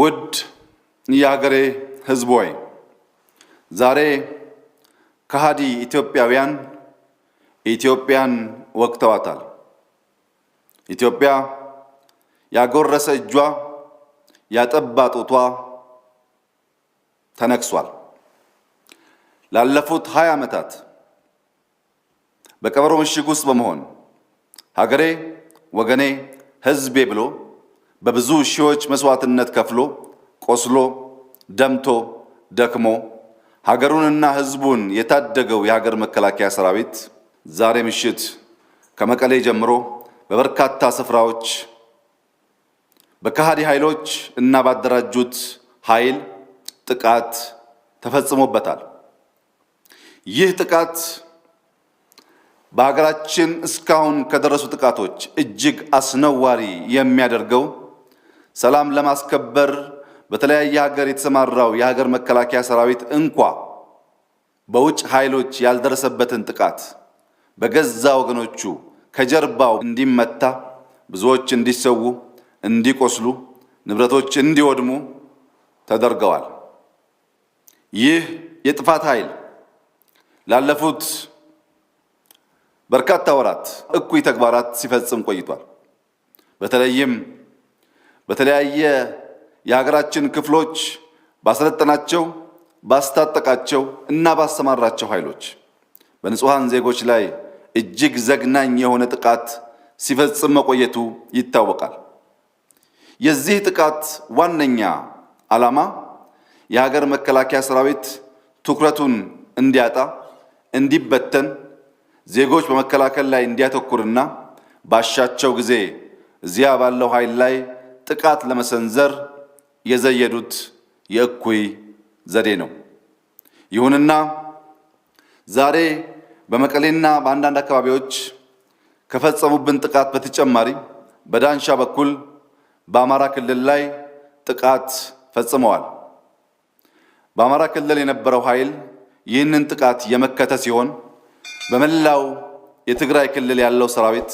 ውድ የሀገሬ ህዝብ ሆይ ዛሬ ከሃዲ ኢትዮጵያውያን ኢትዮጵያን ወቅተዋታል። ኢትዮጵያ ያጎረሰ እጇ ያጠባ ጡቷ ተነክሷል። ላለፉት ሀያ ዓመታት በቀበሮ ምሽግ ውስጥ በመሆን ሀገሬ፣ ወገኔ፣ ህዝቤ ብሎ በብዙ ሺዎች መስዋዕትነት ከፍሎ ቆስሎ ደምቶ ደክሞ ሀገሩንና ሕዝቡን የታደገው የሀገር መከላከያ ሰራዊት ዛሬ ምሽት ከመቀሌ ጀምሮ በበርካታ ስፍራዎች በከሃዲ ኃይሎች እና ባደራጁት ኃይል ጥቃት ተፈጽሞበታል። ይህ ጥቃት በሀገራችን እስካሁን ከደረሱ ጥቃቶች እጅግ አስነዋሪ የሚያደርገው ሰላም ለማስከበር በተለያየ ሀገር የተሰማራው የሀገር መከላከያ ሰራዊት እንኳ በውጭ ኃይሎች ያልደረሰበትን ጥቃት በገዛ ወገኖቹ ከጀርባው እንዲመታ፣ ብዙዎች እንዲሰዉ፣ እንዲቆስሉ፣ ንብረቶች እንዲወድሙ ተደርገዋል። ይህ የጥፋት ኃይል ላለፉት በርካታ ወራት እኩይ ተግባራት ሲፈጽም ቆይቷል። በተለይም በተለያየ የሀገራችን ክፍሎች ባሰለጠናቸው፣ ባስታጠቃቸው እና ባሰማራቸው ኃይሎች በንጹሐን ዜጎች ላይ እጅግ ዘግናኝ የሆነ ጥቃት ሲፈጽም መቆየቱ ይታወቃል። የዚህ ጥቃት ዋነኛ ዓላማ የሀገር መከላከያ ሰራዊት ትኩረቱን እንዲያጣ፣ እንዲበተን፣ ዜጎች በመከላከል ላይ እንዲያተኩርና ባሻቸው ጊዜ እዚያ ባለው ኃይል ላይ ጥቃት ለመሰንዘር የዘየዱት የእኩይ ዘዴ ነው። ይሁንና ዛሬ በመቀሌና በአንዳንድ አካባቢዎች ከፈጸሙብን ጥቃት በተጨማሪ በዳንሻ በኩል በአማራ ክልል ላይ ጥቃት ፈጽመዋል። በአማራ ክልል የነበረው ኃይል ይህንን ጥቃት የመከተ ሲሆን በመላው የትግራይ ክልል ያለው ሰራዊት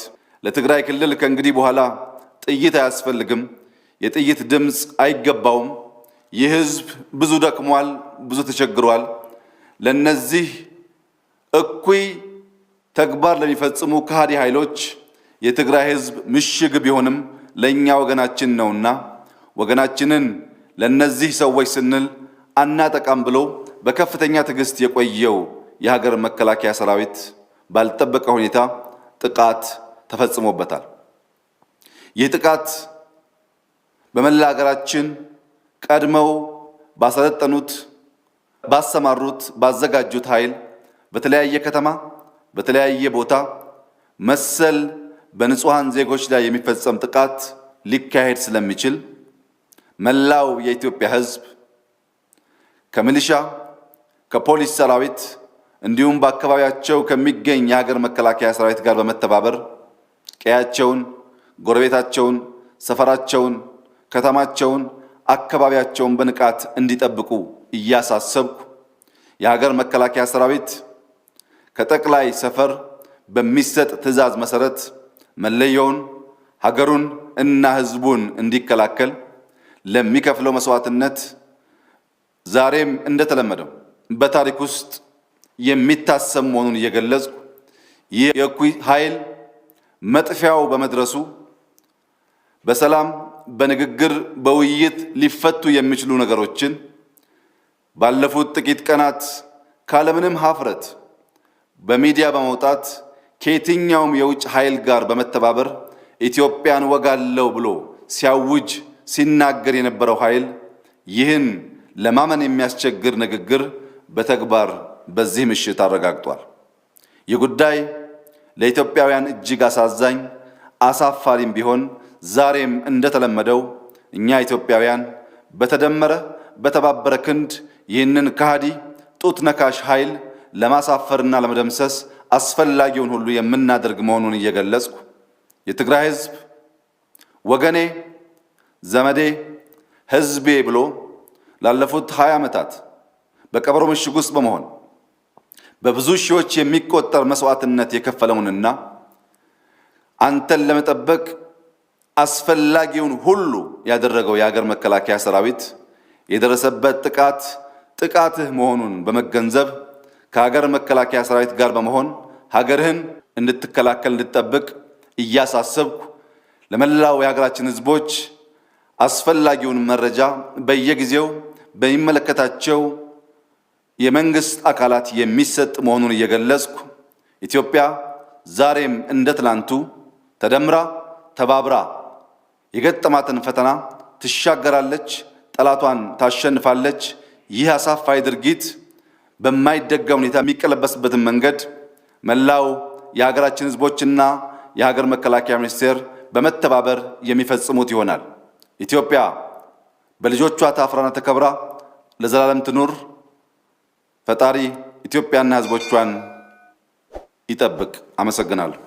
ለትግራይ ክልል ከእንግዲህ በኋላ ጥይት አያስፈልግም የጥይት ድምፅ አይገባውም። ይህ ህዝብ ብዙ ደክሟል፣ ብዙ ተቸግሯል። ለነዚህ እኩይ ተግባር ለሚፈጽሙ ከሃዲ ኃይሎች የትግራይ ህዝብ ምሽግ ቢሆንም ለእኛ ወገናችን ነውና ወገናችንን ለነዚህ ሰዎች ስንል አናጠቃም ብሎ በከፍተኛ ትዕግስት የቆየው የሀገር መከላከያ ሰራዊት ባልጠበቀ ሁኔታ ጥቃት ተፈጽሞበታል። ይህ ጥቃት በመላ ሀገራችን ቀድመው ባሰለጠኑት፣ ባሰማሩት፣ ባዘጋጁት ኃይል በተለያየ ከተማ በተለያየ ቦታ መሰል በንጹሐን ዜጎች ላይ የሚፈጸም ጥቃት ሊካሄድ ስለሚችል መላው የኢትዮጵያ ሕዝብ ከሚሊሻ ከፖሊስ ሰራዊት እንዲሁም በአካባቢያቸው ከሚገኝ የሀገር መከላከያ ሰራዊት ጋር በመተባበር ቀያቸውን፣ ጎረቤታቸውን፣ ሰፈራቸውን ከተማቸውን፣ አካባቢያቸውን በንቃት እንዲጠብቁ እያሳሰብኩ የሀገር መከላከያ ሰራዊት ከጠቅላይ ሰፈር በሚሰጥ ትዕዛዝ መሰረት መለየውን፣ ሀገሩን እና ሕዝቡን እንዲከላከል ለሚከፍለው መስዋዕትነት ዛሬም እንደተለመደው በታሪክ ውስጥ የሚታሰብ መሆኑን እየገለጽኩ ይህ የእኩይ ኃይል መጥፊያው በመድረሱ በሰላም በንግግር በውይይት ሊፈቱ የሚችሉ ነገሮችን ባለፉት ጥቂት ቀናት ካለምንም ሀፍረት በሚዲያ በመውጣት ከየትኛውም የውጭ ኃይል ጋር በመተባበር ኢትዮጵያን ወጋለው ብሎ ሲያውጅ ሲናገር የነበረው ኃይል ይህን ለማመን የሚያስቸግር ንግግር በተግባር በዚህ ምሽት አረጋግጧል። ይህ ጉዳይ ለኢትዮጵያውያን እጅግ አሳዛኝ አሳፋሪም ቢሆን ዛሬም እንደተለመደው እኛ ኢትዮጵያውያን በተደመረ በተባበረ ክንድ ይህንን ከሃዲ ጡት ነካሽ ኃይል ለማሳፈርና ለመደምሰስ አስፈላጊውን ሁሉ የምናደርግ መሆኑን እየገለጽኩ የትግራይ ህዝብ ወገኔ፣ ዘመዴ፣ ህዝቤ ብሎ ላለፉት ሀያ ዓመታት በቀበሮ ምሽግ ውስጥ በመሆን በብዙ ሺዎች የሚቆጠር መስዋዕትነት የከፈለውንና አንተን ለመጠበቅ አስፈላጊውን ሁሉ ያደረገው የሀገር መከላከያ ሰራዊት የደረሰበት ጥቃት ጥቃትህ መሆኑን በመገንዘብ ከሀገር መከላከያ ሰራዊት ጋር በመሆን ሀገርህን እንድትከላከል እንድትጠብቅ እያሳሰብኩ ለመላው የሀገራችን ሕዝቦች አስፈላጊውን መረጃ በየጊዜው በሚመለከታቸው የመንግስት አካላት የሚሰጥ መሆኑን እየገለጽኩ ኢትዮጵያ ዛሬም እንደ ትናንቱ ተደምራ ተባብራ የገጠማትን ፈተና ትሻገራለች፣ ጠላቷን ታሸንፋለች። ይህ አሳፋይ ድርጊት በማይደገም ሁኔታ የሚቀለበስበትን መንገድ መላው የሀገራችን ህዝቦችና የሀገር መከላከያ ሚኒስቴር በመተባበር የሚፈጽሙት ይሆናል። ኢትዮጵያ በልጆቿ ታፍራና ተከብራ ለዘላለም ትኑር። ፈጣሪ ኢትዮጵያና ህዝቦቿን ይጠብቅ። አመሰግናለሁ።